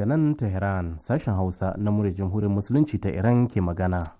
daga nan Iran, sashen Hausa na murya Jamhuriyar Musulunci ta Iran ke magana.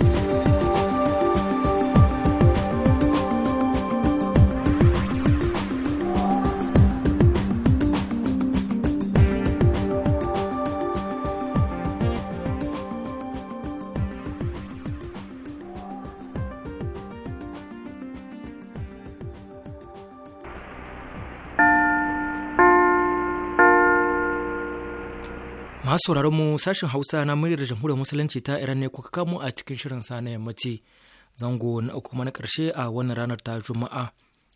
Masu sauraron mu sashin Hausa na muryar Jamhuriyar Musulunci ta Iran ne kuka kamo a cikin shirin sa na yammaci. Zango na uku kuma na karshe a wannan ranar ta Juma'a.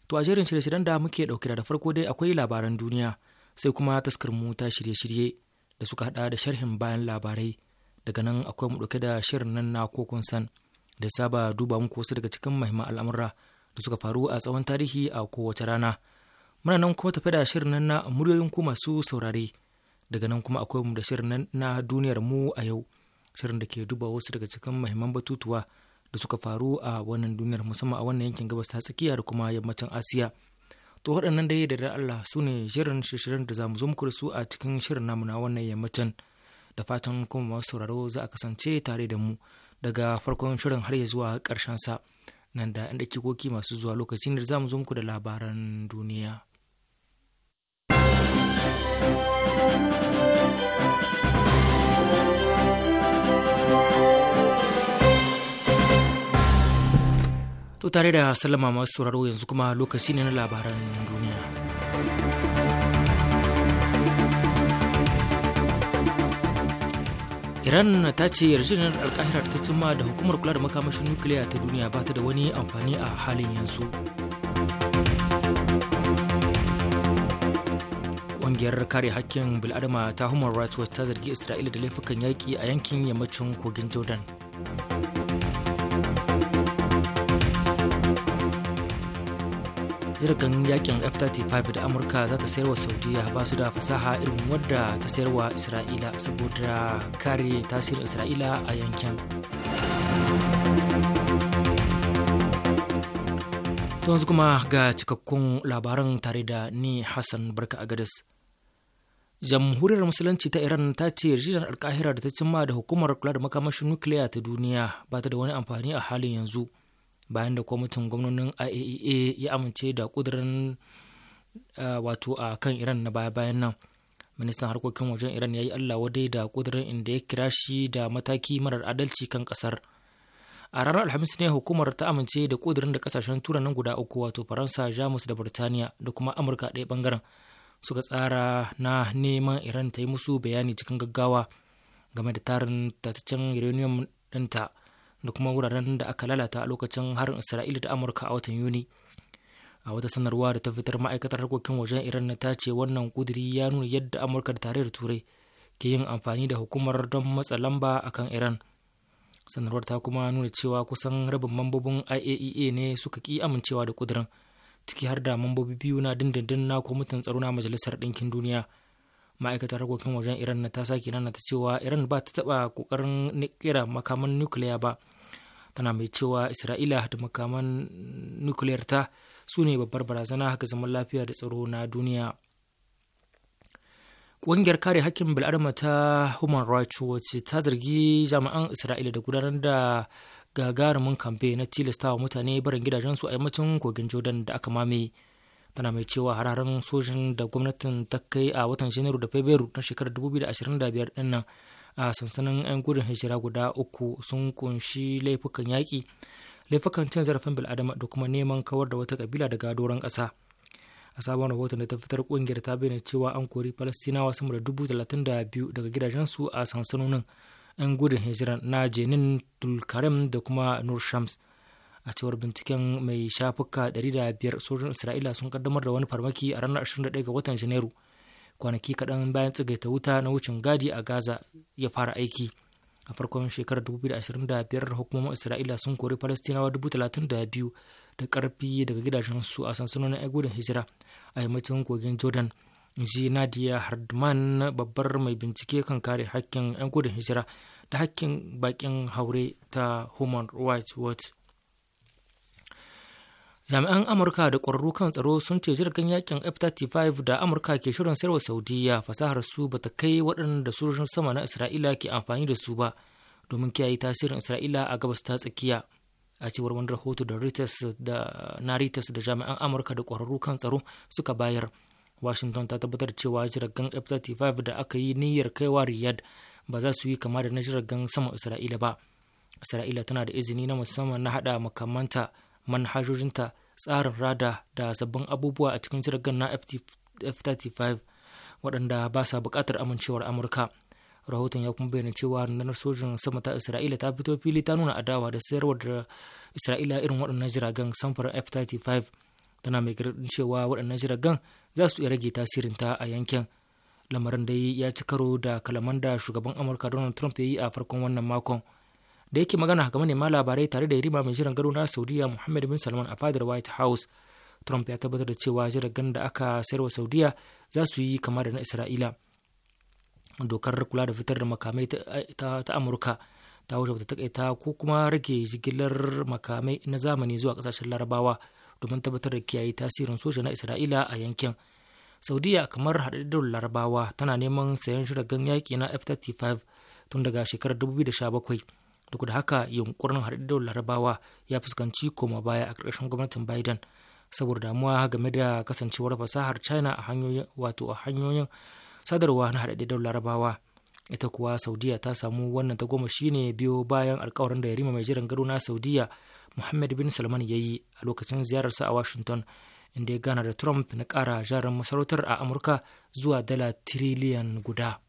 To a jerin shirye-shiryen da muke ɗauke da farko dai akwai labaran duniya sai kuma taskar mu ta shirye-shirye da suka hada da sharhin bayan labarai. Daga nan akwai mu dauke da shirin nan na kokon san da saba duba muku wasu daga cikin mahimman al'amura da suka faru a tsawon tarihi a kowace rana. Muna nan kuma tafi da shirin nan na muryoyin ku masu saurare. daga nan kuma akwai mu da shirin na duniyar mu a yau shirin da ke duba wasu daga cikin mahimman batutuwa da suka faru a wannan duniyar musamman a wannan yankin gabas ta tsakiya da kuma yammacin asiya to waɗannan dai da Allah su ne shirin shirin da za mu zo su a cikin shirin namu na wannan yammacin da fatan kuma masu sauraro za a kasance tare da mu daga farkon shirin har ya zuwa ƙarshen sa nan da ɗan dakikoki masu zuwa lokacin da za mu zo muku da labaran duniya. To tare da sallama masu sauraro yanzu kuma lokaci ne na labaran duniya. Iran ta ce yarjejeniyar alkahira ta cimma da hukumar kula da makamashin nukiliya ta duniya ba ta da wani amfani a halin yanzu. kungiyar kare hakkin bil'adama ta Human Rights Watch ta zargi Isra'ila da laifukan yaƙi a yankin yammacin kogin Jordan. jirgin yakin F-35 da Amurka za ta sayarwa Saudiya ba su da fasaha irin wadda ta sayarwa Isra'ila saboda kare tasirin Isra'ila a yankin. yanzu kuma ga cikakkun labaran tare da ni Hassan Barka a Agadis. jamhuriyar musulunci ta iran ta ce yarjejeniyar alkahira da ta cimma da hukumar kula da makamashin nukiliya ta duniya ba ta da wani amfani a halin yanzu bayan da kwamitin gwamnonin iaea e ya amince da kudirin wato a kan iran na baya bayan nan ministan harkokin wajen iran ya yi allah wadai da kudirin inda ya kira shi da mataki marar adalci kan kasar a ranar alhamis ne hukumar ta amince da kudirin da kasashen turanin guda uku wato faransa jamus da birtaniya da kuma amurka ɗaya bangaren suka tsara na neman iran ta yi musu bayani cikin gaggawa game da tarin tataccen uranium ɗinta da kuma wuraren da aka lalata a lokacin harin isra'ila da amurka a watan yuni a wata sanarwa da ta fitar ma'aikatar harkokin wajen iran ta ce wannan kuduri ya nuna yadda amurka da tarayyar turai ke yin amfani da hukumar don matsa lamba akan iran sanarwar ta kuma nuna cewa kusan rabin mambobin iaea e ne suka ki amincewa da kudirin ciki har da mambobi biyu na dindindin na kwamitin tsaro na majalisar ɗinkin duniya ma'aikatar harkokin wajen iran na ta sake nana ta cewa iran ba ta taɓa ƙoƙarin kera makaman nukiliya ba tana mai cewa isra'ila da makaman nukiliyar ta su ne babbar barazana haka zaman lafiya da tsaro na duniya ƙungiyar kare hakkin bil'adama ta human rights watch ta zargi jami'an isra'ila da gudanar da gagarumin kamfe na tilasta wa mutane barin gidajensu a yammacin kogin jordan da aka mame tana mai cewa hararen sojin da gwamnatin ta kai a watan janairu da fabrairu na shekarar 2025 din a sansanin 'yan gudun hijira guda uku sun kunshi laifukan yaƙi laifukan cin zarafin bil'adama da kuma neman kawar da wata kabila daga doron kasa a sabon rahoton da ta fitar kungiyar ta bayyana cewa an kori falastinawa sama da dubu talatin da biyu daga gidajensu a sansanonin 'yan gudun hijira na jenin tulkarem da kuma nur shams a cewar binciken mai shafuka 500 sojin isra'ila sun kaddamar da wani farmaki a ranar 21 ga watan janairu kwanaki kaɗan bayan tsigaita wuta na wucin gadi a gaza ya fara aiki a farkon shekarar 2025 hukumomin isra'ila sun kori falastinawa 32,000 da karfi daga gidajensu a sansanonin 'yan gudun hijira a yammacin kogin jordan zinadia nadia hardman babbar mai bincike kan kare hakkin 'yan gudun hijira da hakkin bakin haure ta human rights watch jami'an amurka da ƙwararru kan tsaro sun ce jirgin yakin f-35 da amurka ke shirin sayarwa saudiya fasahar su ba ta kai waɗanda sojojin sama na isra'ila ke amfani da su ba domin kiyaye tasirin isra'ila a gabas ta tsakiya a cewar wani rahoto da na reuters da jami'an amurka da ƙwararru kan tsaro suka bayar washington ta tabbatar cewa jiragen f-35 da aka yi niyyar kaiwa riyadh ba za su yi kama da na jiragen saman isra'ila ba isra'ila tana da izini na musamman na hada makamanta manhajojinta tsarin rada da sabbin abubuwa a cikin jiragen na f-35 waɗanda ba sa buƙatar amincewar amurka rahoton ya kuma bayyana cewa rundunar sojin sama ta isra'ila ta fito fili ta nuna adawa da sayarwa da isra'ila irin waɗannan jiragen samfurin f-35 tana mai gargaɗin cewa waɗannan jiragen za su iya rage tasirinta a yankin lamarin da ya ci karo da kalaman da shugaban amurka donald trump ya yi a farkon wannan makon da yake magana ga manema labarai tare da rima mai jiran gado na saudiya muhammad bin salman a fadar white house trump ya tabbatar da cewa jiragen da aka sayar wa saudiya za su yi kama da na isra'ila dokar kula da fitar da makamai ta amurka ta wuce ta takaita ko kuma rage jigilar makamai na zamani zuwa kasashen larabawa domin tabbatar da kiyaye tasirin soja na isra'ila a yankin saudiya kamar haɗaɗɗen larabawa tana neman sayan shiragen yaƙi na f-35 tun daga shekarar 2017 duk da haka yunkurin haɗaɗɗen larabawa ya fuskanci koma baya a ƙarƙashin gwamnatin biden saboda damuwa game da kasancewar fasahar china a hanyoyin wato a hanyoyin sadarwa na haɗaɗɗen larabawa ita kuwa saudiya ta samu wannan ta goma shine biyo bayan alkawarin da yarima mai jiran gado na saudiya Muhammad bin Salman ya yi a lokacin ziyararsa a Washington inda ya gana da Trump na kara jarin masarautar a Amurka zuwa dala tiriliyan guda.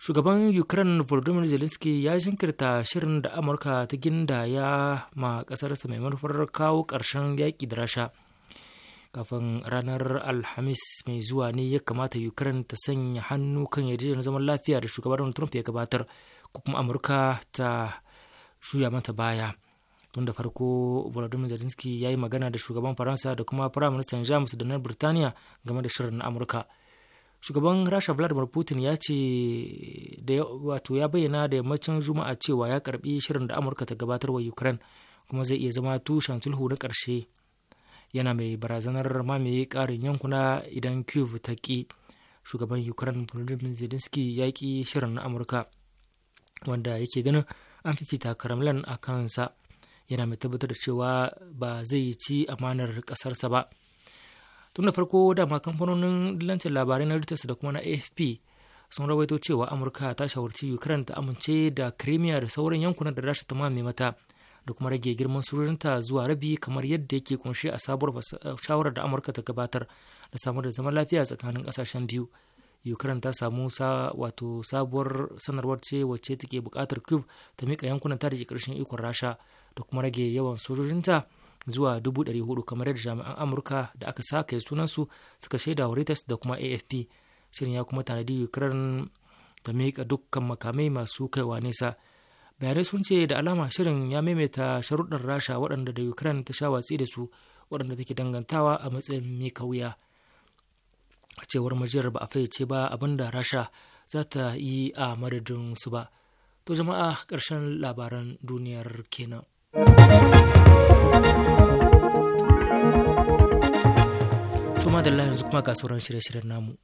Shugaban Ukraine Volodymyr Zelensky ya jinkirta shirin da Amurka ta ginda ya ma ƙasarsa mai manufar kawo karshen yaƙi da Rasha. Kafin ranar Alhamis mai zuwa ne ya kamata Ukraine ta sanya hannu kan yarjejeniyar zaman lafiya da shugaban Trump ya gabatar, ko kuma Amurka ta shuya mata baya. tun da farko volodymyr zelensky ya yi magana da shugaban faransa da kuma firaministan jamus da na birtaniya game da shirin amurka shugaban rasha vladimir putin ya ce da wato ya bayyana da yammacin juma'a cewa ya karbi shirin da amurka ta gabatar wa ukraine kuma zai iya zama tushen sulhu na karshe yana mai barazanar mamaye karin yankuna idan kyiv ta ki shugaban ukraine volodymyr zelensky ya ki shirin na amurka wanda yake ganin an fifita kremlin a kansa yana mai tabbatar da cewa ba zai ci amanar ƙasarsa ba tun da farko dama kamfanonin lancen labarai na reuters da kuma na afp sun rawaito cewa amurka ta shawarci ukraine ta amince da crimea da sauran yankunan da rasha ta mame mata da kuma rage girman sururinta zuwa rabi kamar yadda yake kunshi a sabuwar shawarar da amurka ta gabatar da samar da zaman lafiya tsakanin kasashen biyu ukraine ta samu sa wato sabuwar sanarwar ce wacce take bukatar kyiv ta mika yankunan ta da ke ƙarshen ikon rasha da kuma rage yawan sojojinta zuwa hudu kamar yadda jami'an amurka da aka sake sunansu suka shaida wa reuters da kuma afp shirin ya kuma tanadi ukraine ta miƙa dukkan makamai masu kaiwa nesa bayanai sun ce da alama shirin ya maimaita sharuɗan rasha waɗanda da ukraine ta sha watsi da su waɗanda take dangantawa a matsayin mika wuya a cewar majiyar ba a fayyace ba abin da rasha za ta yi a madadin su ba to jama'a ƙarshen labaran duniyar kenan Tuma da yanzu kuma ga sauran shirye-shiryen namu.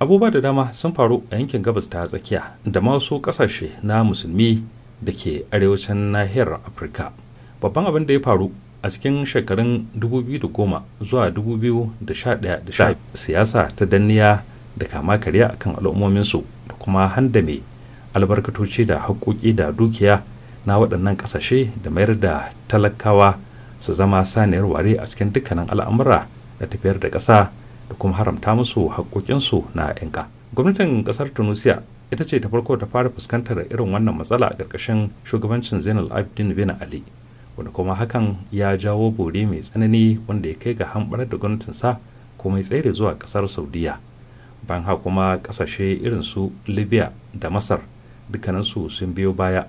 abubuwa da dama sun faru a yankin gabas ta tsakiya da masu kasashe na musulmi da ke arewacin nahiyar afirka babban abin da ya faru a cikin shekarun 2010 zuwa 2011 siyasa ta danniya da kama karya akan al'ummominsu da kuma handame albarkatoci da haƙoƙi da dukiya na waɗannan ƙasashe da mayar da talakawa su zama saniyar ware a cikin dukkanin al'amura da tafiyar da ƙasa da kuma haramta musu haƙoƙinsu na 'yanka. gwamnatin ƙasar tunisia ita ce ta farko ta fara fuskantar irin wannan matsala a ƙarƙashin shugabancin zainal abidin bin ali wanda kuma hakan ya jawo bore mai tsanani wanda ya kai ga hamɓar da gwamnatinsa kuma ya tsere zuwa ƙasar saudiya ban ha kuma kasashe irin su libya da masar dukkaninsu sun biyo baya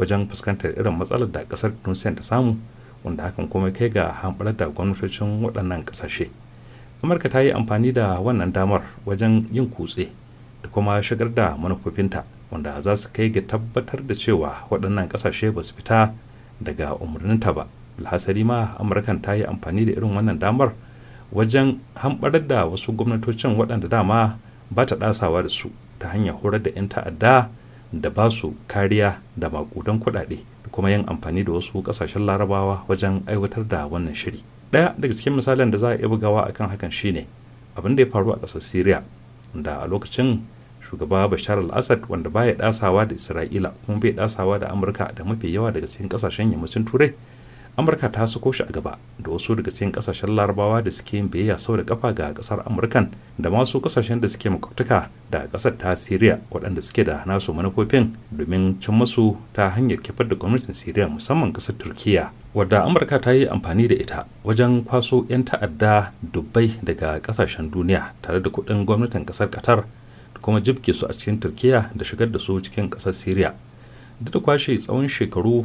wajen fuskantar irin matsalar da kasar tunisia ta samu wanda hakan kuma kai ga hamɓarar da gwamnatocin waɗannan kasashe amurka ta yi amfani da wannan damar wajen yin kutse da kuma shigar da manufofinta wanda za su kai ga tabbatar da cewa waɗannan kasashe ba su fita daga umarninta ba alhasari ma amurkan ta yi amfani da irin wannan damar wajen hamɓarar da wasu gwamnatocin waɗanda dama ba ta ɗasawa da su ta hanyar horar da 'yan ta'adda da ba su kariya da makudan kuɗaɗe da kuma yin amfani da wasu ƙasashen larabawa wajen aiwatar da wannan shiri ɗaya daga cikin misalin da za a iya bugawa akan hakan shine abin da ya faru a ƙasar syria da a lokacin shugaba bashar al-assad wanda baya ɗasawa da isra'ila kuma bai ɗasawa da amurka da mafi yawa daga cikin ƙasashen yammacin turai amurka ta sako shi a gaba da wasu daga cikin kasashen larabawa da suke yin biyayya sau da kafa ga kasar amurkan da masu kasashen da suke makwabtaka da kasar ta syria waɗanda suke da nasu manufofin domin cin masu ta hanyar kifar da gwamnatin syria musamman kasar turkiya wadda amurka ta yi amfani da ita wajen kwaso 'yan ta'adda dubbai daga kasashen duniya tare da kuɗin gwamnatin kasar qatar da kuma jibge su a cikin turkiya da shigar da su cikin kasar syria duk da kwashe tsawon shekaru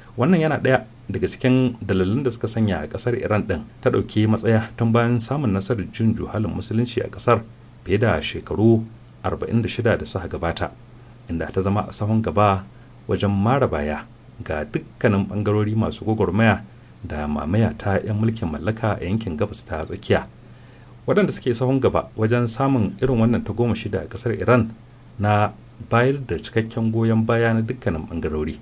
wannan yana daya daga cikin dalilin da suka sanya a kasar iran ɗin ta ɗauki matsaya tun bayan samun nasarar jin juhalin musulunci a kasar fiye da shekaru 46 da suka gabata inda ta zama a sahun gaba wajen mara baya ga dukkanin bangarori masu gwagwarmaya da mamaya ta 'yan mulkin mallaka a yankin gabas ta tsakiya waɗanda suke sahun gaba wajen samun irin wannan ta goma shida a ƙasar iran na bayar da cikakken goyon baya na dukkanin bangarori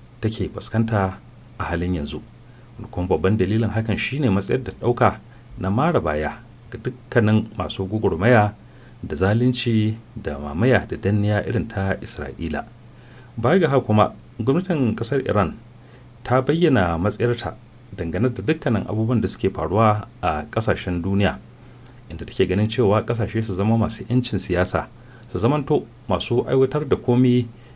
take fuskanta a halin yanzu kuma babban dalilin hakan shine matsayar da ɗauka na mara baya ga dukkanin masu gugurmaya da zalunci da mamaya da danniya irin ta isra'ila baya ga haka kuma gwamnatin ƙasar iran ta bayyana matsayarta dangane da dukkanin abubuwan da suke faruwa a ƙasashen duniya inda take ganin cewa ƙasashe su zama masu 'yancin siyasa su zamanto masu aiwatar da komi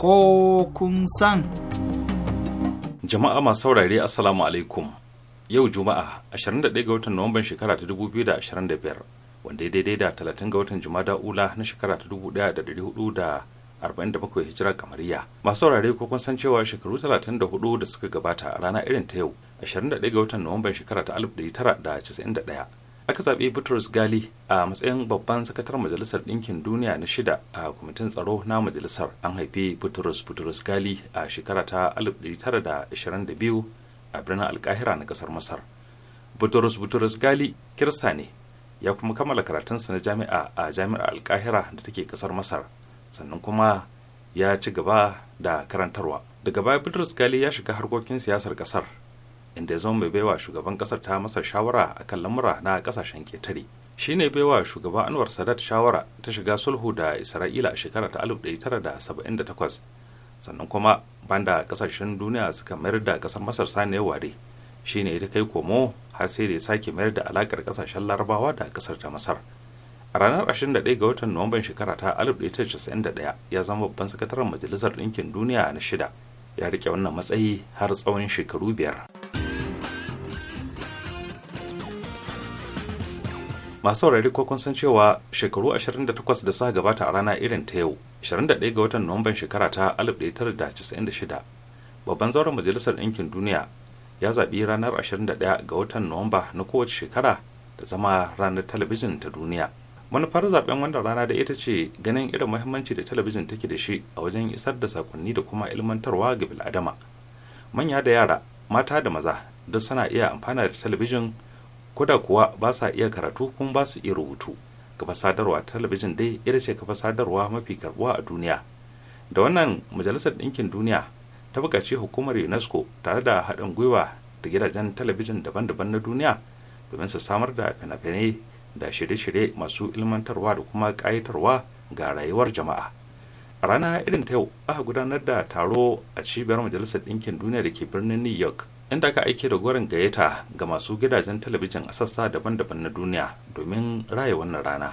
ko kun san. Jama'a masu saurare Assalamu alaikum. Yau Juma'a 21 ga watan Nuwamban shekara ta 2025 wanda ya daidai da 30 ga watan Jumada Ula na shekara ta 1447 hijira kamariya. Masu saurare ko kun san cewa shekaru 34 da suka gabata a rana irin ta yau 21 ga watan Nuwamban shekara ta 1991 aka zaɓi Bitrus Gali a matsayin babban sakatar Majalisar Ɗinkin Duniya na shida a kwamitin tsaro na majalisar. An haifi Bitrus Bitrus Gali a shekara ta 1922 a birnin Alkahira na ƙasar Masar. Bitrus Bitrus Gali kirsa ne ya kuma kammala karatunsa na jami'a a jami'ar Alkahira da take ƙasar Masar. Sannan kuma ya ci gaba da karantarwa. Daga baya Bitrus Gali ya shiga harkokin siyasar ƙasar inda ya zama mai baiwa shugaban kasar ta masar shawara a kan lamura na kasashen ketare ne baiwa shugaban anwar sadat shawara ta shiga sulhu da isra'ila a shekara ta 1978 sannan kuma banda kasashen duniya suka mayar da kasar masar sani ya ware shi ne ta kai komo har sai da ya sake mayar da alakar kasashen larabawa da kasar ta masar a ranar 21 ga watan nuwamban shekara ta 1991 ya zama babban sakataren majalisar ɗinkin duniya na shida ya rike wannan matsayi har tsawon shekaru biyar. masu saurari ko kun cewa shekaru 28 da suka gabata a rana irin ta yau 21 ga watan nuwamban shekara ta 1996 babban zauren majalisar ɗinkin duniya ya zaɓi ranar 21 ga watan nuwamba na kowace shekara da zama ranar talabijin ta duniya manufar zaben wannan rana da ita ce ganin irin muhimmanci da talabijin take da shi a wajen isar da sakonni da kuma ilmantarwa ga bil'adama manya da yara mata da maza duk suna iya amfana da talabijin koda kuwa ba sa iya karatu kuma ba su iya rubutu kafa sadarwa talabijin dai ita ce kafa sadarwa mafi karbuwa a duniya da wannan majalisar ɗinkin duniya ta buƙaci hukumar unesco tare da haɗin gwiwa da gidajen talabijin daban-daban na duniya domin su samar da fina-finai da shirye-shirye masu ilmantarwa da kuma ƙayatarwa ga rayuwar jama'a a rana irin ta yau aka gudanar da taro a cibiyar majalisar ɗinkin duniya da ke birnin new york inda aka aike da goron gayyata ga masu gidajen talabijin a sassa daban-daban na duniya domin raya wannan rana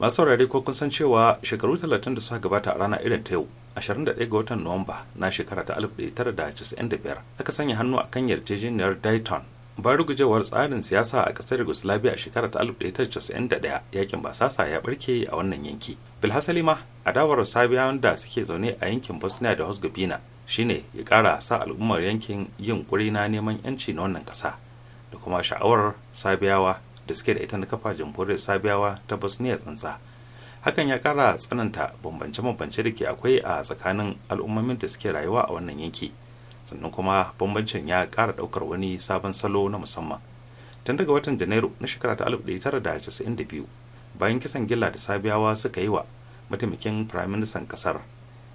masu saurare ko kun san cewa shekaru 30 da suka gabata a rana irin ta yau 21 ga watan nuwamba na shekara ta 1995 aka sanya hannu a kan yarjejeniyar dayton bayan gujewar tsarin siyasa a kasar yugoslavia a shekarar ta 1991 yakin basasa ya barke a wannan yanki bilhassali ma adawar sabiya da suke zaune a yankin bosnia da herzegovina shine ya kara sa al'ummar yankin yin kuri na neman yanci na wannan kasa da kuma sha'awar sabiyawa da suke da ita na kafa jamhuriyar sabiyawa ta bosnia tsantsa hakan ya kara tsananta bambance-bambance da ke akwai a tsakanin al'ummomin da suke rayuwa a wannan yanki sannan kuma bambancin ya ƙara ɗaukar wani sabon salo na musamman tun daga watan janairu na shekara ta 1992 bayan kisan gilla da sabiyawa suka yi wa mataimakin firaministan kasar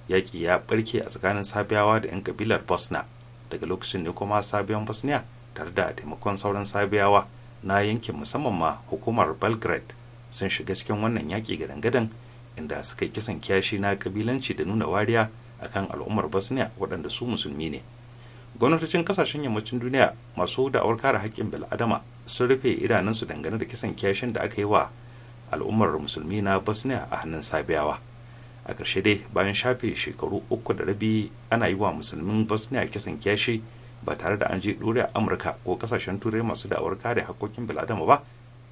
yaƙi ya ɓarke a tsakanin sabiyawa da 'yan kabilar bosna daga lokacin ne kuma sabiyan bosnia tare da taimakon sauran sabiyawa na yankin musamman ma hukumar belgrade sun shiga cikin wannan yaƙi gadan-gadan inda suka yi kisan kiyashi na kabilanci da nuna wariya akan al'ummar bosnia waɗanda su musulmi ne gwamnatocin kasashen yammacin duniya masu da'awar kare haƙƙin bil'adama sun rufe idanunsu dangane da kisan kyashin da aka yi wa al'ummar musulmi na bosnia a hannun sabiyawa a ƙarshe dai bayan shafe shekaru uku da rabi ana yi wa musulmin bosnia kisan kyashi ba tare da an je ɗore a amurka ko ƙasashen turai masu da'awar kare haƙƙoƙin bil'adama ba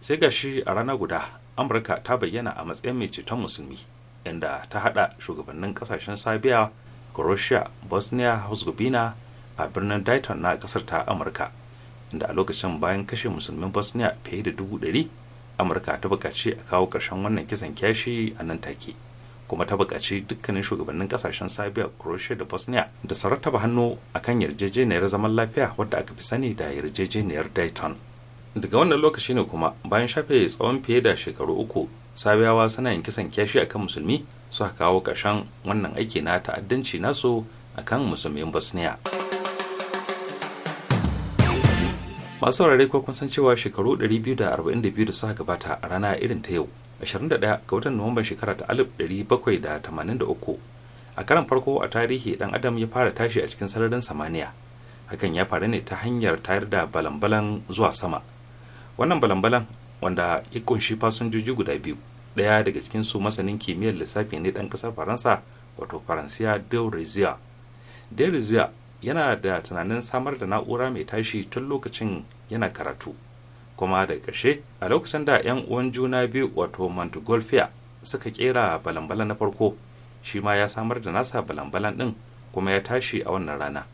sai ga shi a rana guda amurka ta bayyana a matsayin mai ceton musulmi inda ta haɗa shugabannin ƙasashen sabiya croatia bosnia herzegovina a birnin dayton na kasar ta amurka inda a lokacin bayan kashe musulmin bosnia fiye da dubu ɗari amurka ta buƙaci a kawo ƙarshen wannan kisan kyashi a nan take kuma ta buƙaci dukkanin shugabannin ƙasashen sabiya croatia da bosnia da su rattaba hannu akan yarjejeniyar zaman lafiya wadda aka fi sani da yarjejeniyar dayton daga wannan lokaci ne kuma bayan shafe tsawon fiye da shekaru uku sabiyawa suna yin kisan kyashi akan musulmi suka kawo ƙarshen wannan aiki na ta'addanci nasu akan musulmin bosnia. masu saurare kuwa kun san cewa shekaru 242 da suka gabata a rana irin ta yau 21 ga watan nuwamban shekara ta 1783 a karan farko a tarihi dan adam ya fara tashi a cikin sararin samaniya hakan ya faru ne ta hanyar tayar da balambalan zuwa sama wannan balambalan wanda ya kunshi fasinjoji guda biyu ɗaya daga cikin su masanin kimiyyar lissafi ne ɗan ƙasar faransa wato faransiya de rizia de rizia yana da tunanin samar da na'ura mai tashi tun lokacin yana karatu kuma da ƙarshe a lokacin da 'yan uwan juna biyu wato montgolfier suka kera balambala na farko shi ma ya samar da nasa balan-balan ɗin kuma ya tashi a wannan rana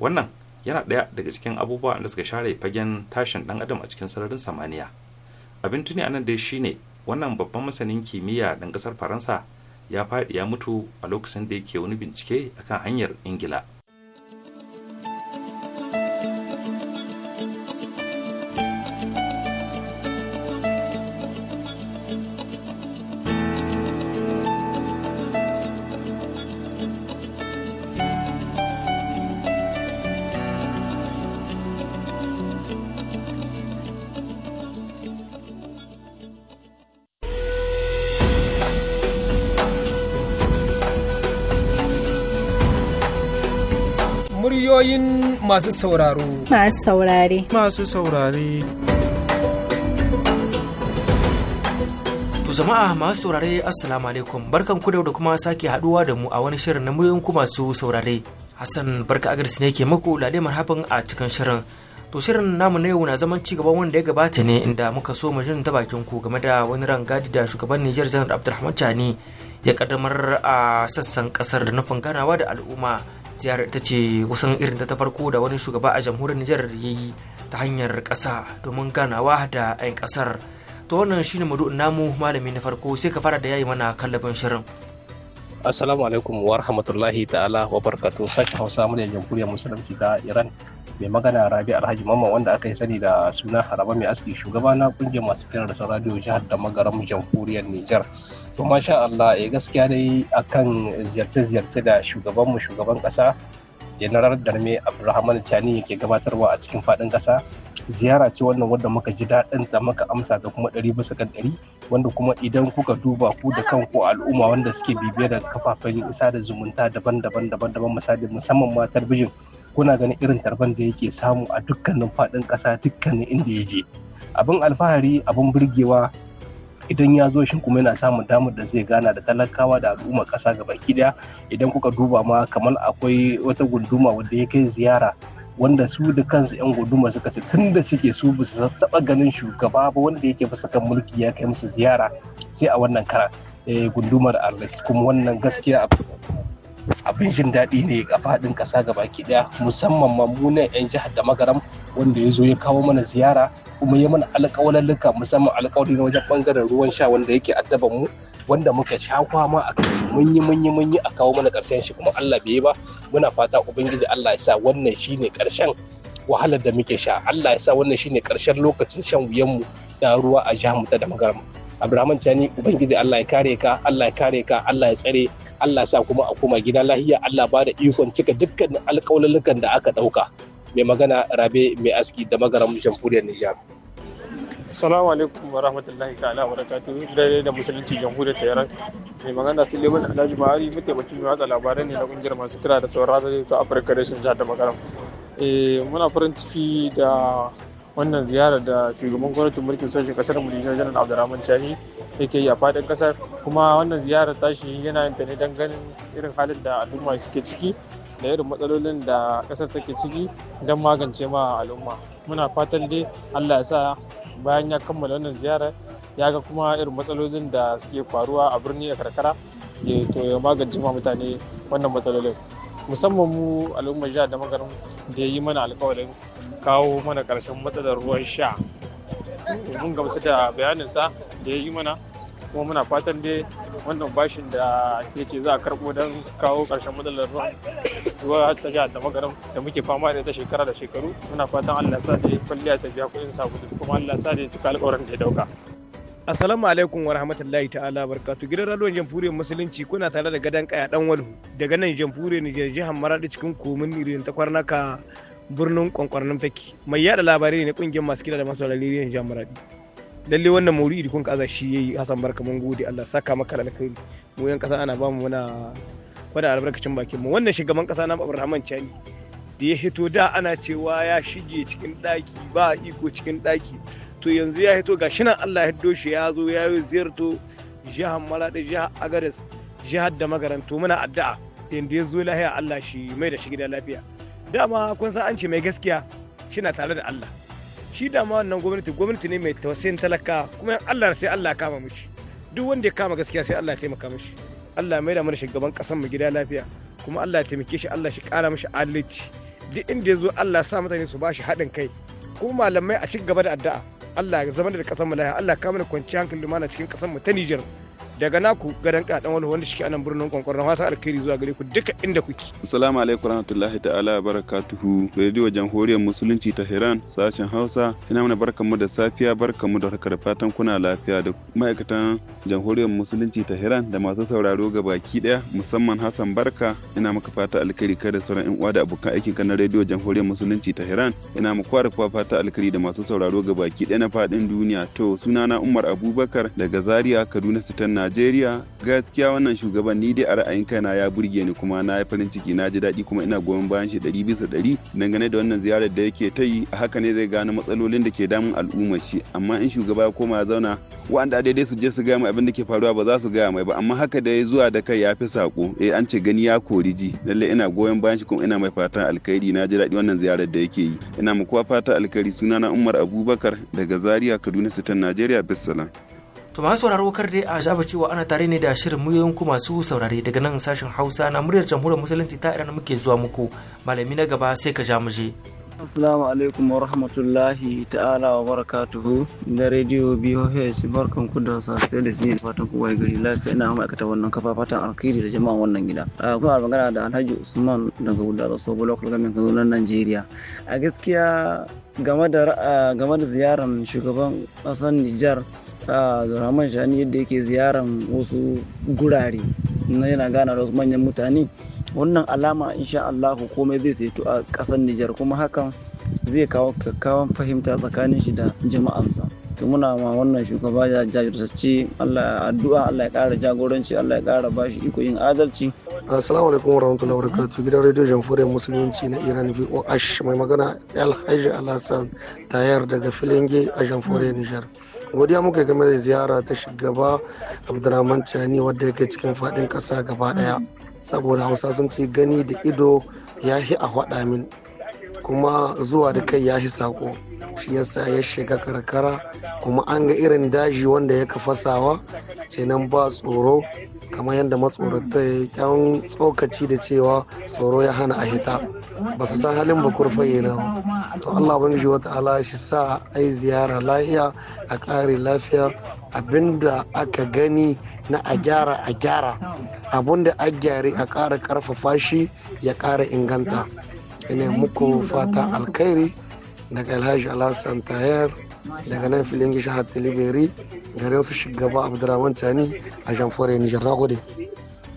wannan yana ɗaya daga cikin abubuwa da suka share fagen tashin ɗan adam a cikin sararin samaniya abin tuni a nan dai shine wannan babban masanin kimiyya ɗan ƙasar faransa ya faɗi ya mutu a lokacin da yake wani bincike akan hanyar ingila masu sauraro. Masu saurare. Masu saurare. To jama'a masu saurare assalamu alaikum barkan ku da kuma sake haduwa da mu a wani shirin na muyin ku masu saurare. Hassan barka agar ne ke muku lale marhaban a cikin shirin. To shirin namu na yau na zaman ci gaban wanda ya gabata ne inda muka so mu jin ta bakin ku game da wani rangadi da shugaban Nijar Janar Abdulrahman Tani ya kaddamar a sassan kasar da nufin ganawa da al'umma ziyarar ita ce kusan irin ta farko da wani shugaba a jamhuriyar nijar ya yi ta hanyar ƙasa domin ganawa da 'yan ƙasar to wannan shi ne madu'in namu malami na farko sai ka fara da yayi mana kallabin shirin assalamu alaikum wa rahmatullahi ta'ala wa barkatu sake hausa mu da jamhuriyar musulunci ta iran mai magana rabi alhaji mamman wanda aka yi sani da suna haraba mai aski shugaba na kungiyar masu kiran da radio jihar da magaram jamhuriyar niger to masha allah eh gaskiya dai akan ziyarce-ziyarce da shugabanmu shugaban kasa general darme abdulrahman Tani yake gabatarwa a cikin fadin kasa ziyara ce wannan wanda muka ji daɗin ta muka amsa ta kuma ɗari bisa kan ɗari wanda kuma idan kuka duba ku da kanku al'umma wanda suke bibiyar da kafafen isa da zumunta daban-daban daban-daban misali musamman ma talbijin kuna ganin irin tarban da yake samu a dukkanin faɗin ƙasa dukkanin inda ya je abin alfahari abin burgewa idan ya zo shi kuma yana samun damar da zai gana da talakawa da al'umma ƙasa gaba daya idan kuka duba ma kamar akwai wata gunduma wadda ya kai ziyara wanda su da kansu 'yan gunduma suka ce tun da suke su bisa su taɓa ganin shugaba ba wanda yake bisa kan mulki ya kai musu ziyara sai a wannan karan eh, gundumar alex kuma wannan gaskiya abu abin jin daɗi ne a faɗin ƙasa ga baki ɗaya musamman ma mu nan 'yan jihar da magaram wanda ya zo ya kawo mana ziyara kuma ya mana alƙawalalluka musamman alƙawari na wajen ɓangaren ruwan sha wanda yake addaban mu wanda muka sha kwama a kan mun yi mun yi mun yi a kawo mana ƙarshen shi kuma Allah bai yi ba muna fata ubangiji Allah ya sa wannan shine ƙarshen wahalar da muke sha Allah ya sa wannan shine ƙarshen lokacin shan wuyan mu da ruwa a jihar mu ta da magaram abrahaman cani ubangiji allah ya kare ka allah ya kare ka allah ya tsare allah sa kuma a koma gida lahiya allah ba da ikon cika dukkan alƙawallukan da aka ɗauka mai magana rabe mai aski da magaran jamhuriyar nijar salamu alaikum wa rahmatullahi ta'ala wa barakatuhu daidai da musulunci jamhuriyar Tehran. Mai magana Suleiman Alhaji Buhari mataimakin watsa labarai ne na kungiyar masu kira da sauran radio ta Afirka da shan jihar da magana. Eh, muna farin ciki da wannan ziyarar da shugaban gwamnatin mulkin sojin kasar mu Nijar Janar Abdurrahman Chani yake yi a fadin kasar kuma wannan ziyarar tashi yana yin ta ne don ganin irin halin da al'umma suke ciki da irin matsalolin da kasar take ciki don magance ma al'umma muna fatan dai Allah ya sa bayan ya kammala wannan ziyarar ya ga kuma irin matsalolin da suke faruwa a birni da karkara to ya magance ma mutane wannan matsalolin musamman mu al'ummar jihar da magarin da ya yi mana alkawarin kawo mana karshen matsalar ruwan sha mun gamsu da bayaninsa da ya yi mana kuma muna fatan dai wannan bashin da ya ce za a karɓo don kawo ƙarshen matsalar ruwan ruwa ta jihar da magaram da muke fama da ita shekara da shekaru muna fatan allah sa da kwalliya ta biya kuɗin sabulu kuma allah sa da ya cika alƙawarin da ya dauka Assalamu alaikum wa rahmatullahi ta'ala barkatu gidan radon jamhuriyar musulunci kuna tare da gadan kaya dan walu daga nan jamhuriyar Nijar jihar Maradi cikin komin Nirin ta kwarnaka birnin kwankwarnin faki mai yada labarai ne kungiyar masu kira da masu rarriyar jihar Maradi lalle wannan mauridi kun kaza shi yayi Hassan barka mun gode Allah saka maka alkhairi mu yan kasa ana ba mu muna kwada albarkacin bakin mu wannan shugaban kasa na Abrahaman Chani da ya hito da ana cewa ya shige cikin daki ba iko cikin daki to yanzu ya hito ga shinan Allah ya hiddo shi ya zo ya yi ziyarto jihar Maladi jihar Agares jihar da magaranto muna addu'a yanda ya zo lahiya Allah shi mai da shi gida lafiya dama kun san an ce mai gaskiya shina tare da Allah shi dama wannan gwamnati gwamnati ne mai tausayin talaka kuma Allah sai Allah kama mishi duk wanda ya kama gaskiya sai Allah ya taimaka mishi Allah mai da mana shugaban kasan mu gida lafiya kuma Allah ya taimake shi Allah shi kara mishi adalci duk inda ya zo Allah sa mutane su ba shi haɗin kai kuma malamai a ci gaba da addu'a Allah ya zama da kasar mu lahiya Allah ya kawo mana kwanciyar hankali lumana cikin ƙasar mu ta Niger daga naku gadan kaɗan wani wanda shi anan birnin kwankwaron fata alkhairi zuwa gare ku duka inda kuke. Assalamu alaikum warahmatullahi ta'ala barakatuhu radio jamhuriyar musulunci ta Iran sashen Hausa ina mana barkanmu da safiya barkanmu da harkar fatan kuna lafiya da ma'aikatan jamhuriyar musulunci ta Iran da masu sauraro ga baki daya musamman Hassan Barka ina maka fata alkhairi da sauran yan uwa da abokan aikin kan radio jamhuriyar musulunci ta ina maka kwara kuwa fata alkhairi da masu sauraro ga baki daya na fadin duniya to sunana Umar Abubakar daga Zaria Kaduna Sitan Najeriya gaskiya wannan shugaban ni dai a ra'ayin kaina ya burge ni kuma na yi farin ciki na ji daɗi kuma ina goyon bayan shi ɗari bisa ɗari dangane da wannan ziyarar da yake ta yi haka ne zai gano matsalolin da ke damun al'ummar shi amma in shugaba ya koma ya zauna wa'anda daidai su je su gaya mai abin da ke faruwa ba za su gaya mai ba amma haka da ya zuwa da kai ya fi saƙo eh an ce gani ya kori ji lallai ina goyon bayan shi kuma ina mai fatan alkhairi na ji daɗi wannan ziyarar da yake yi ina mu kuwa fatan alkhairi sunana Umar Abubakar daga Zaria Kaduna Sitan Najeriya Bissalam. To masu sauraro kar dai a shafa cewa ana tare ne da shirin muyoyin ku masu saurare daga nan sashen Hausa na muryar jamhuriyar musulunci ta Iran muke zuwa muku malami na gaba sai ka ja muje Assalamu alaikum wa rahmatullahi ta'ala wa barakatuhu da rediyo BOH barkan ku da sasai da da fatan kowa gari lafiya ina ma'aikata wannan kafa fatan alkhairi da jama'a wannan gida. A kuma magana da Alhaji Usman daga Wuda da Sobo Local Government Kaduna Najeriya. A gaskiya game da game da ziyarar shugaban ƙasar Nijar Abdulrahman Shani yadda yake ziyarar wasu gurare na yana gana da wasu manyan mutane wannan alama insha Allahu komai zai saito a ƙasar Nijar kuma hakan zai kawo kakkawan fahimta tsakanin shi da jama'ansa. to muna ma wannan shugaba ya jajirtacce Allah addu'a Allah ya ƙara jagoranci Allah ya ƙara bashi iko yin adalci assalamu alaikum warahmatullahi wabarakatuh gidan radio jamhuriyar musulunci na Iran VOH mai magana Alhaji Alhassan tayar daga Filinge a jamhuriyar Nijar godiya muka game da ziyara ta shugaba abdurrahman chani wadda yake cikin fadin kasa gaba daya saboda hausa sun ci gani da ido ya a hada min kuma zuwa da kai ya sako shi yasa ya shiga karkara kuma an ga irin daji wanda ya kafasawa nan ba tsoro kamar yadda matsorata ya kyan tsokaci da cewa tsoro ya hana a hita ba su san halin bakur fayyana ba to allah ubangiji wata ala shi sa a yi ziyara lafiya a kare lafiya abinda aka gani na a gyara a gyara abinda a gyare a kara karfafa shi ya kara inganta ina muku fata alkhairi daga alhaji alhassan tayar daga nan filin gishi tilibiri garin su shugaba abdurrahman tani a jamfore nijar na gode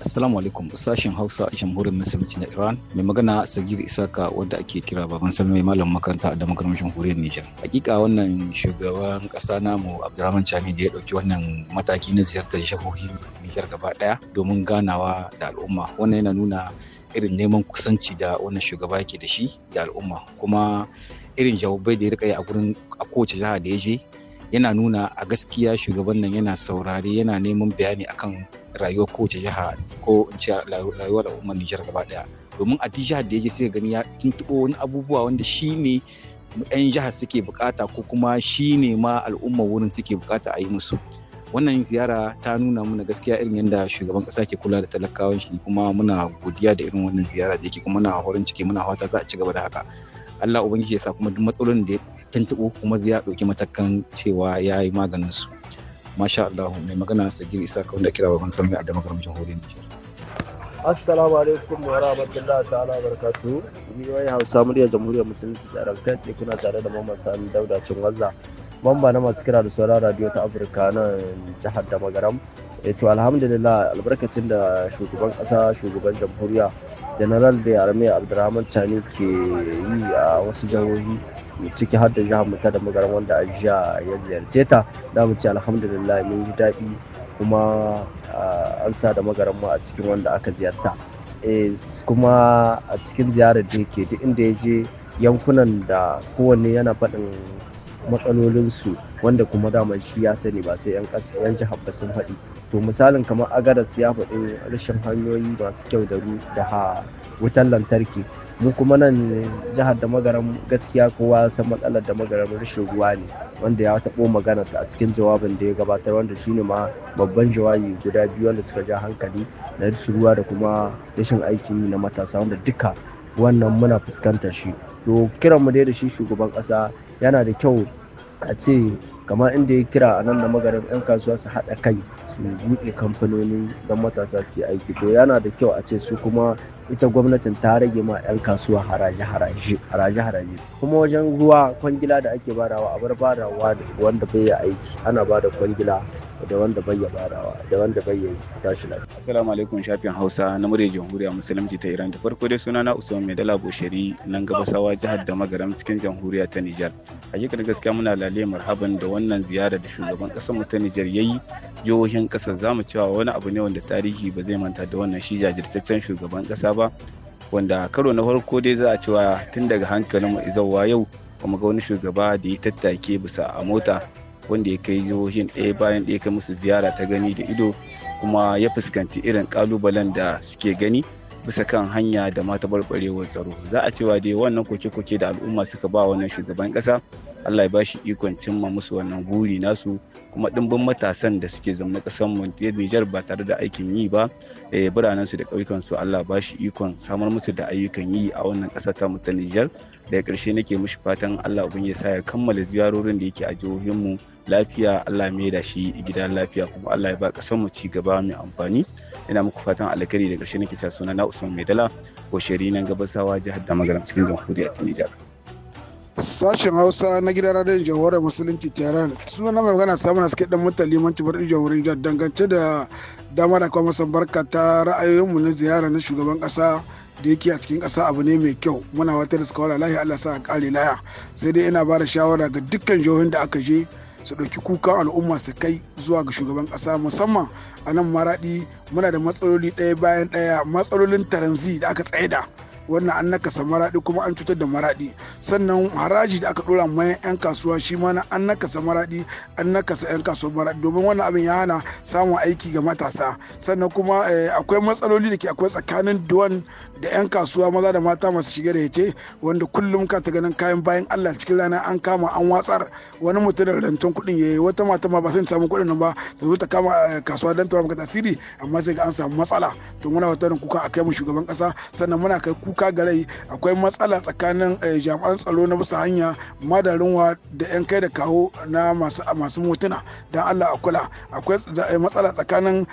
Assalamu alaikum sashen Hausa a jamhuriyar Musulunci na Iran mai magana Sagir Isaka wadda ake kira baban Salmai malam makaranta da makarantar jamhuriyar Nijar. Hakika wannan shugaban kasa namu abdurrahman Chani da ya dauki wannan mataki na ziyartar jihohi Nijar gaba daya domin ganawa da al'umma. Wannan yana nuna irin neman kusanci da wannan shugaba yake da shi da al'umma kuma irin jawabai da ya rika yi a gurin a kowace jiha da ya je yana nuna a gaskiya shugaban nan yana saurari yana neman bayani akan rayuwar kowace jiha ko in ce rayuwar al'ummar Nijar gaba daya domin a duk jihar da ya je sai gani ya tuntuɓo wani abubuwa wanda shi ne 'yan jihar suke bukata ko kuma shi ne ma al'ummar wurin suke bukata a yi musu wannan ziyara ta nuna mana gaskiya irin yadda shugaban kasa ke kula da talakawan shi kuma muna godiya da irin wannan ziyara da yake kuma muna horin ciki muna fata za a ci gaba da haka Allah ubangiji ya sa kuma duk matsalolin da ya tuntuɓo kuma zai ɗauki matakan cewa ya yi maganin su masha Allah mai magana sagir isa kawai da kira baban salmai a damar jamhuriyar Nijar. assalamu alaikum wa rahmatullahi ta'ala wa barakatu biyoyin hausa murya jamhuriyar musulunci da kai ce kuna tare da mamman sami dauda cin wazza mamba na masu kira da sauran radio ta afirka nan jihar da magaram eh, to alhamdulillah albarkacin da shugaban kasa shugaban jamhuriya general da yarme abdurrahman tani ke yi a wasu jihohi ciki har da jihar mutar da magaran wanda a jiya ya ziyarce ta da mu ce alhamdulillah mun ji daɗi kuma an sa da magaran mu a cikin wanda aka ziyarta eh, kuma a cikin ziyarar da ke duk inda ya je yankunan da kowanne yana faɗin matsalolinsu wanda kuma daman shi ya sani ba sai 'yan ƙasa 'yan jihar ba sun faɗi to misalin kamar agaras ya faɗi rashin hanyoyi masu kyau da da wutar lantarki mu kuma nan jihar da magaram gaskiya kowa san matsalar da magaram rashin ruwa ne wanda ya taɓo magana a cikin jawabin da ya gabatar wanda shine ma babban jawabi guda biyu wanda suka ja hankali na rashin ruwa da kuma rashin aiki na matasa wanda duka wannan muna fuskantar shi to kiran mu dai da shi shugaban ƙasa yana da kyau a ce kamar inda ya kira a nan da magarin 'yan kasuwa su haɗa kai su buɗe kamfanoni don matasa su yi aiki to yana da kyau a ce su kuma ita gwamnatin ta rage ma 'yan kasuwa haraje-haraje kuma wajen ruwa kwangila da ake barawa a bar barawa wanda bai yi aiki ana ba da kwangila da wanda bai ya barawa da wanda bai ya tashi lafiya assalamu alaikum shafin hausa na murya jamhuriyar musulunci ta iran da farko dai sunana usman mai dala bushari nan gabasawa jihar da magaram cikin jamhuriya ta nijar hakikar gaskiya muna lalle marhaban da wannan ziyara da shugaban kasar mu ta nijar yayi jihohin kasar zamu cewa wani abu ne wanda tarihi ba zai manta da wannan shi jajirtaccen shugaban kasa ba wanda karo na farko dai za a cewa tun daga hankalin mu izawa yau kuma ga wani shugaba da ya tattake bisa a mota wanda ya kai jihohin ɗaya bayan ɗaya kai musu ziyara ta gani da ido kuma ya fuskanci irin ƙalubalen da suke gani bisa kan hanya da mata barbarewar tsaro za a cewa dai wannan koke-koke da al'umma suka ba wannan shugaban ƙasa allah ya bashi ikon cimma musu wannan buri nasu kuma dimbin matasan da suke zama kasan mu Nijar ba tare da aikin yi ba eh, biranen su da ƙauyukan su Allah ba shi ikon samar musu da ayyukan yi a wannan ƙasa ta mu ta Nijar daga ƙarshe nake mushi fatan Allah abin ya sa ya kammala ziyarorin da yake a jihohin mu lafiya Allah mai da shi gida lafiya kuma Allah ya ba ƙasar mu ci gaba mai amfani ina muku fatan alkhairi da ƙarshe nake sa suna na Usman Maidala ko shiri nan gabasawa jihar Damagaram cikin jamhuriyar Nijar Sashen Hausa na gidan radiyon jamhuriyar Musulunci Tehran. Suna na mai magana samun haske dan mutali manci bar jamhuriyar jihar dangance da dama da kuma masan barka ta ra'ayoyinmu na ziyara na shugaban kasa da yake a cikin kasa abu ne mai kyau muna wata da suka wala Allah sa kare laya sai dai ina bada shawara ga dukkan jihohin da aka je su ɗauki kukan al'umma su kai zuwa ga shugaban kasa musamman a nan maraɗi muna da matsaloli daya bayan daya matsalolin taranzi da aka tsaida wannan an nakasa maradi kuma an cutar da maraɗi sannan haraji da aka dora mayan 'yan kasuwa shi ma na an nakasa maraɗi an nakasa 'yan kasuwar maradi domin wannan abin ya hana samun aiki ga matasa sannan kuma eh, akwai matsaloli da ke akwai tsakanin duwan da 'yan kasuwa maza da mata masu shiga da yace wanda kullum ka ta ganin kayan bayan Allah cikin rana an kama an watsar wani mutum da rantun kuɗin ya yi wata mata ma ba sai samu kuɗin nan ba ta zo ta kama eh, kasuwa don tura maka tasiri amma sai ga an samu matsala to muna wata kuka a kai mu shugaban kasa sannan muna kai kuka kuka garai akwai matsala tsakanin eh, jami'an tsaro na bisa hanya madarinwa da 'yan kai da kawo na masu motuna don allah a kula akwai eh, matsala tsakanin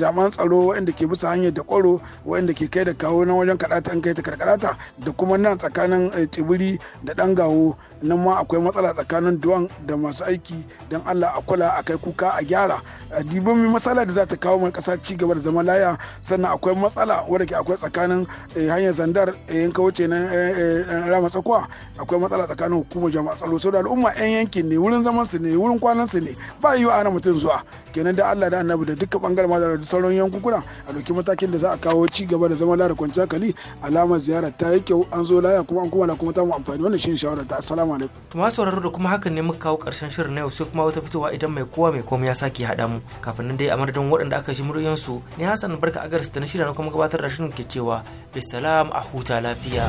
jami'an tsaro waɗanda ke bisa hanya da kwaro waɗanda ke kai da kawo na wajen kaɗata an kai ta karkarata da kuma nan tsakanin eh, tsibiri da ɗan gawo nan ma akwai matsala tsakanin duwan da masu aiki don allah a kula a kai kuka a gyara dibin matsala da za ta kawo mai kasa ci gaba da zama laya sannan akwai matsala wadda ke akwai tsakanin hanyar zandar jihar yanka eh, wuce na rama eh, eh, tsakuwa akwai matsala tsakanin hukumar jama'a tsaro saboda al'umma 'yan yankin ne wurin zaman ne wurin kwanan ne ba yiwu ana mutum zuwa kenan da Allah da annabi da dukkan bangaren ma da sauran yankuna a dauki matakin da za a kawo ci gaba da zama lara kwanciya hankali alamar ziyara ta yi kyau an zo laya kuma an kuma kuma ta mu amfani wannan shi shawara ta assalamu alaikum to ma sauraro da kuma hakan ne muka kawo karshen shirin na yau sai kuma wata fitowa idan mai kowa mai komai ya saki hada mu kafin nan dai a madadin waɗanda aka shi muryoyin su ne Hassan barka agarsu da na shirya na kuma gabatar da shirin ke cewa bisalam a huta lafiya.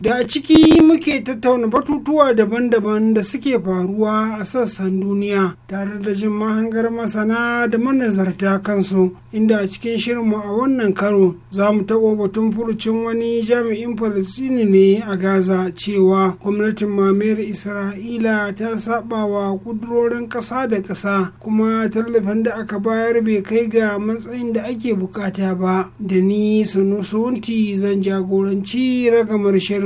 da a ciki muke tattauna batutuwa daban-daban da suke faruwa a sassan duniya tare da jin mahangar masana da manazarta kansu inda a cikin shirinmu a wannan karo za mu taɓo batun furucin wani jami'in falistini ne a gaza cewa gwamnatin mamayar isra'ila ta saba wa kudurorin ƙasa da ƙasa kuma tallafin da aka bayar bai kai ga matsayin da ake bukata ba da ni sunusunti zan jagoranci ragamar shirin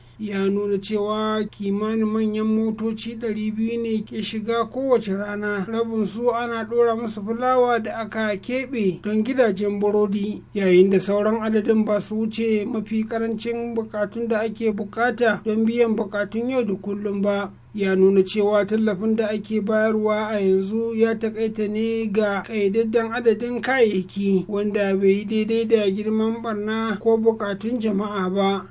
ya nuna cewa kimanin manyan motoci 200 ne ke shiga kowace rana rabin su ana ɗora musu fulawa da aka keɓe don gidajen burodi yayin da sauran adadin ba su wuce mafi karancin bukatun da ake bukata don biyan bukatun yau da kullum ba ya nuna cewa tallafin da ake bayarwa a yanzu ya takaita ne ga kaidaddan adadin kayayyaki wanda bai yi daidai da girman barna ko bukatun jama'a ba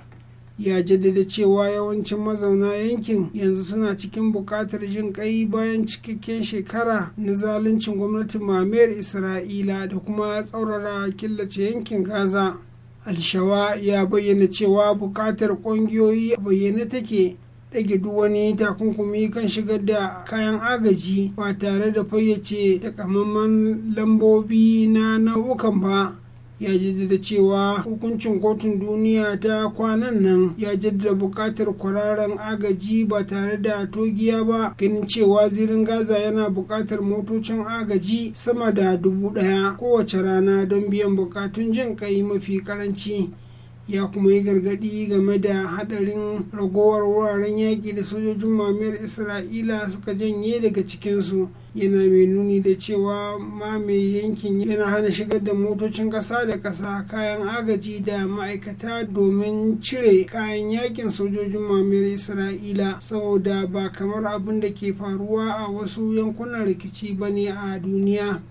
ya jaddada cewa yawancin mazauna yankin yanzu suna cikin buƙatar jin ƙai bayan cikakken shekara na zaluncin gwamnatin mamayar isra'ila da kuma tsaurara killace yankin gaza alshawa ya bayyana cewa buƙatar ƙungiyoyi a bayyane take ɗage duk wani takunkumi kan shigar da kayan agaji ba tare da fayyace takamaiman lambobi na nau'ukan ba ya jaddada cewa hukuncin kotun duniya ta kwanan nan ya jaddada buƙatar kwararren agaji ba tare da togiya ba ganin cewa zirin gaza yana buƙatar motocin agaji sama da dubu ɗaya kowace rana don biyan bukatun jin kai mafi karanci ya kuma yi gargaɗi game da haɗarin ragowar wuraren yaƙi da sojojin mamayar isra'ila suka janye daga cikinsu yana mai nuni da cewa ma mai yankin yana hana shigar da motocin ƙasa da ƙasa kayan agaji da ma'aikata domin cire kayan yakin sojojin mamayar isra'ila saboda ba kamar abin da ke faruwa a wasu yankunan rikici bane a duniya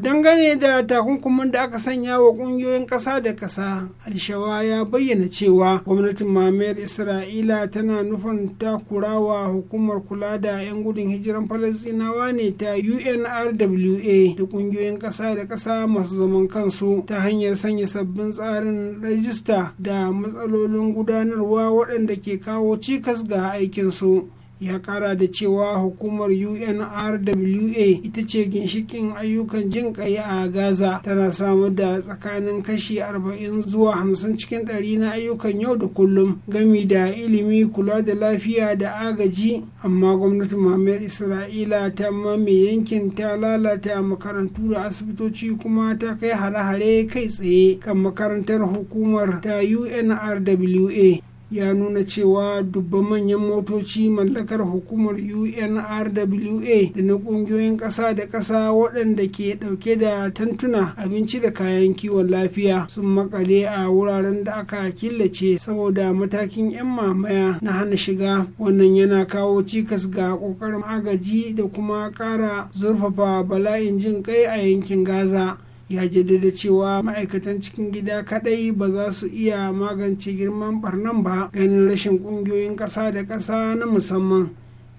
dangane da takunkumin da aka sanya wa kungiyoyin kasa da kasa alshawa ya bayyana cewa gwamnatin mamayar isra'ila tana nufin takurawa hukumar kula da 'yan gudun hijiran Falasinawa ne ta unrwa da kungiyoyin kasa da kasa masu zaman kansu ta hanyar sanya sabbin tsarin rajista da matsalolin gudanarwa waɗanda ke kawo cikas ga aikinsu ya kara da cewa hukumar unrwa ita ce ginshikin ayyukan jin kai a gaza tana samar da tsakanin kashi 40 zuwa 50 cikin 100 na ayyukan yau da kullum gami da ilimi kula da lafiya da agaji amma gwamnatin mohammed isra'ila ta mame yankin ta lalata makarantu da asibitoci kuma ta kai hare-hare kai tsaye kan makarantar hukumar ta unrwa ya nuna cewa dubban manyan motoci mallakar hukumar unrwa da na kungiyoyin ƙasa da ƙasa waɗanda ke ɗauke da tantuna abinci da kayan kiwon lafiya sun makale a wuraren da aka killace saboda matakin 'yan mamaya na hana shiga wannan yana kawo cikas ga ƙoƙarin agaji da kuma ƙara zurfafa bala'in jin kai a yankin gaza ya jaddada cewa ma'aikatan cikin gida kadai ba za su iya magance girman barnan ba ganin rashin kungiyoyin ƙasa da ƙasa na musamman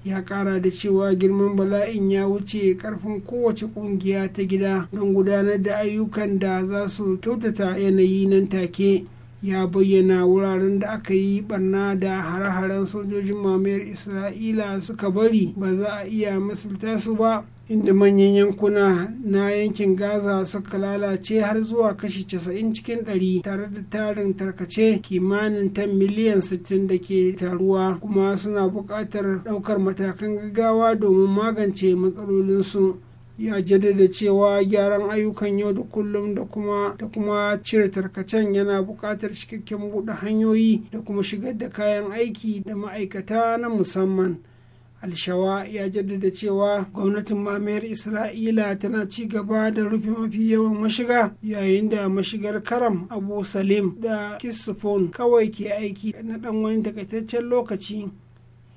ya kara da cewa girman bala'in ya wuce karfin kowace kungiya ta gida don gudanar da ayyukan da za su kyautata yanayi nan take ya bayyana wuraren da aka yi barna da hare-haren sojojin mamayar isra'ila suka bari ba za a iya misalta su ba inda manyan yankuna na yankin gaza suka lalace har zuwa kashi 90 cikin 100 tare da tarin tarkace kimanin 10 miliyan 60 da ke taruwa kuma suna buƙatar ɗaukar matakan gaggawa domin magance matsalolinsu ya jaddada cewa gyaran ayyukan yau da kullum da kuma kuma cire tarkacen yana buƙatar cikakken buɗe hanyoyi da kuma shigar da kayan aiki da ma'aikata na musamman alshawa ya jaddada cewa gwamnatin mamayar isra'ila tana ci gaba da rufe mafi yawan mashiga yayin da mashigar karam abu salim da kisifon kawai ke aiki na ɗan wani takaitaccen lokaci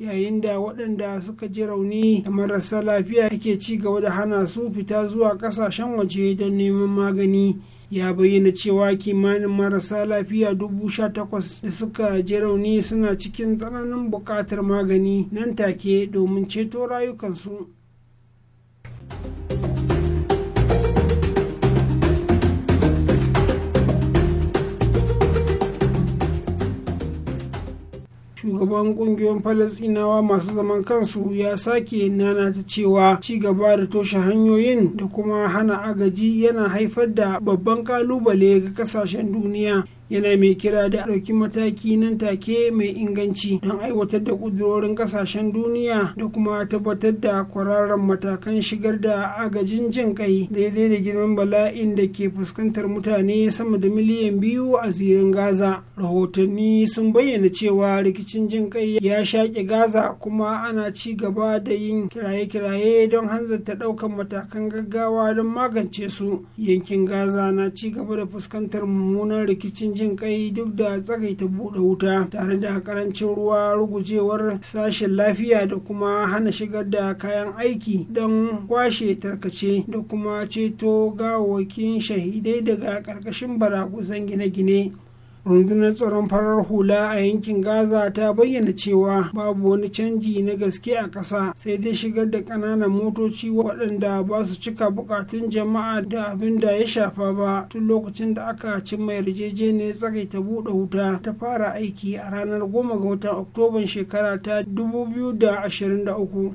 yayin da waɗanda suka ji rauni da marasa lafiya ake ci gaba da hana su fita zuwa ƙasashen waje don neman magani ya bayyana cewa kimanin marasa lafiya dubu sha takwas da suka ji rauni suna cikin tsananin buƙatar magani nan take domin ceto rayukansu. shugaban kungiyoyin falasinawa masu zaman kansu ya sake nana ta cewa ci gaba da toshe hanyoyin da kuma hana agaji yana haifar da babban kalubale ga kasashen duniya yana mai kira da ɗauki mataki nan take mai inganci don aiwatar da ƙudurorin ƙasashen duniya da kuma tabbatar da kwararren matakan shigar da agajin jin kai daidai da girman bala'in da ke fuskantar mutane sama da miliyan biyu a zirin gaza rahotanni sun bayyana cewa rikicin jin kai ya shaƙe gaza kuma ana ci gaba da yin kiraye-kiraye don hanzarta ɗaukar matakan gaggawa don magance su yankin gaza na ci gaba da fuskantar mummunan rikicin jin kai duk da tsagaita buɗe wuta tare da karancin ruwa rugujewar sashen lafiya da kuma hana shigar da kayan aiki don kwashe tarkace da kuma ceto gawakin shahidai daga ƙarƙashin barakuzan gine-gine rundunar tsaron farar hula a yankin gaza ta bayyana cewa babu wani canji na gaske a ƙasa sai dai shigar da ƙananan motoci waɗanda ba su cika buƙatun jama'a da abin da ya shafa ba tun lokacin da aka mai cimma yarjejeniyar ta buɗe wuta ta fara aiki a ranar 10 ga watan oktoban shekara ta 2023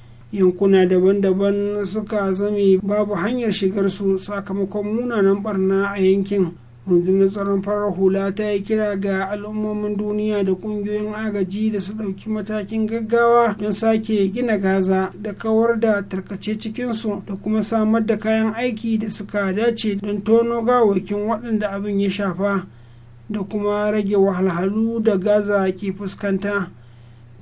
yankuna daban-daban suka zame babu hanyar shigarsu sakamakon munanan barna a yankin rundunar tsaron farar hula ta yi kira ga al'ummomin duniya da kungiyoyin agaji da su ɗauki matakin gaggawa don sake gina gaza da kawar da tarkace cikinsu da kuma samar da kayan aiki da suka dace don tono gawakin waɗanda abin ya shafa da kuma rage wahalhalu da gaza ke fuskanta.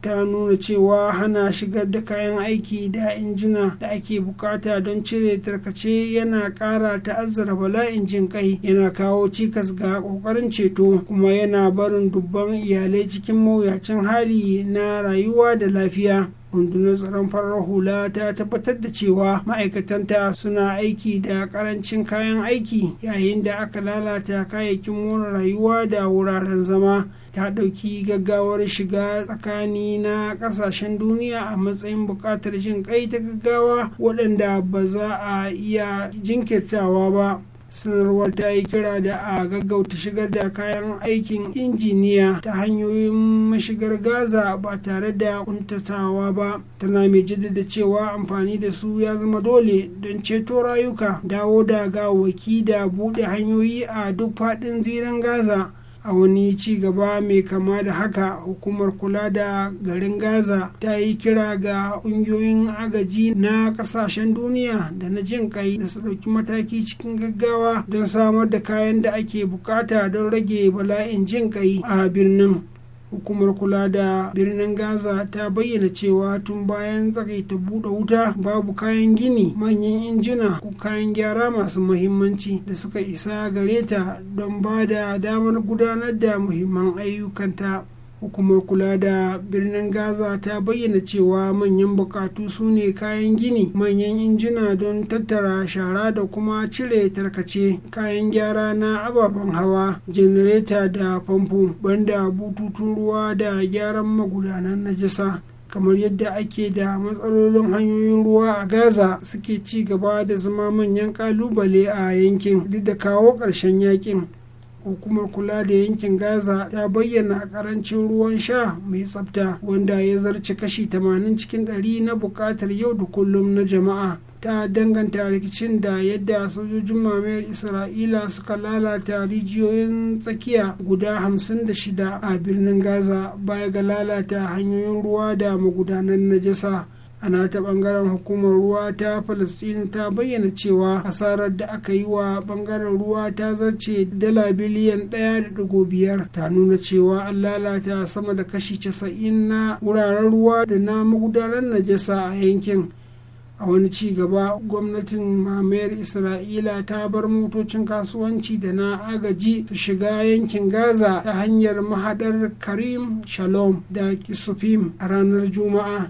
ta nuna cewa hana shigar da kayan aiki da injina da ake bukata don cire tarkace yana kara ta'azzara bala'in jin kai yana kawo cikas ga kokarin ceto kuma yana barin dubban iyalai cikin mawuyacin hali na rayuwa da lafiya rundunar tsaron farar hula ta tabbatar da cewa ma'aikatanta suna aiki da karancin kayan aiki yayin da aka lalata kayayyakin more rayuwa da wuraren zama ta ɗauki gaggawar shiga tsakani na ƙasashen duniya a matsayin buƙatar jin ƙai ta gaggawa waɗanda ba za a iya jinkirtawa ba sanarwar ta yi kira da a gaggauta shigar da kayan aikin injiniya ta hanyoyin mashigar gaza ba tare da kuntatawa ba tana mai jaddada cewa amfani da su ya zama dole don ceto rayuka dawo da gawaki da buɗe hanyoyi a duk faɗin zirin gaza a wani ci gaba mai kama da haka hukumar kula da garin gaza ta yi kira ga ƙungiyoyin agaji na ƙasashen duniya da na jin kai da su ɗauki mataki cikin gaggawa don samar da kayan da ake bukata don rage bala'in jin kai a birnin hukumar kula da birnin gaza ta bayyana cewa tun bayan tsakaita buɗe wuta babu kayan gini manyan injina ko kayan gyara masu muhimmanci da suka isa gare ta don ba da damar gudanar da muhimman ayyukanta hukumar kula da birnin gaza ta bayyana cewa manyan bukatu su ne kayan gini manyan injina don tattara shara da kuma cire tarkace kayan gyara na ababen hawa janareta da famfo banda bututun ruwa da gyaran magudanan najasa kamar yadda ake da matsalolin hanyoyin ruwa a gaza suke ci gaba da zama manyan kalubale a yankin duk da kawo ƙarshen yakin hukumar kula da yankin gaza ta bayyana a karancin ruwan sha mai tsabta wanda ya zarci kashi 80 cikin 100 na bukatar yau da kullum na jama'a ta danganta rikicin da yadda sojojin mamayar isra'ila suka lalata rijiyoyin tsakiya guda 56 a birnin gaza baya ga lalata hanyoyin ruwa da magudanan najasa a ta bangaren hukumar ruwa ta palestine ta bayyana cewa asarar da aka yi wa bangaren ruwa ta zarce dala biliyan ɗaya da digo biyar ta nuna cewa an lalata sama da kashi casa'in na wuraren ruwa da na magudanar najasa a yankin a wani ci gaba gwamnatin mamayar isra'ila ta bar motocin kasuwanci da na agaji su shiga yankin gaza ta hanyar mahadar karim shalom da kisufim a ranar juma'a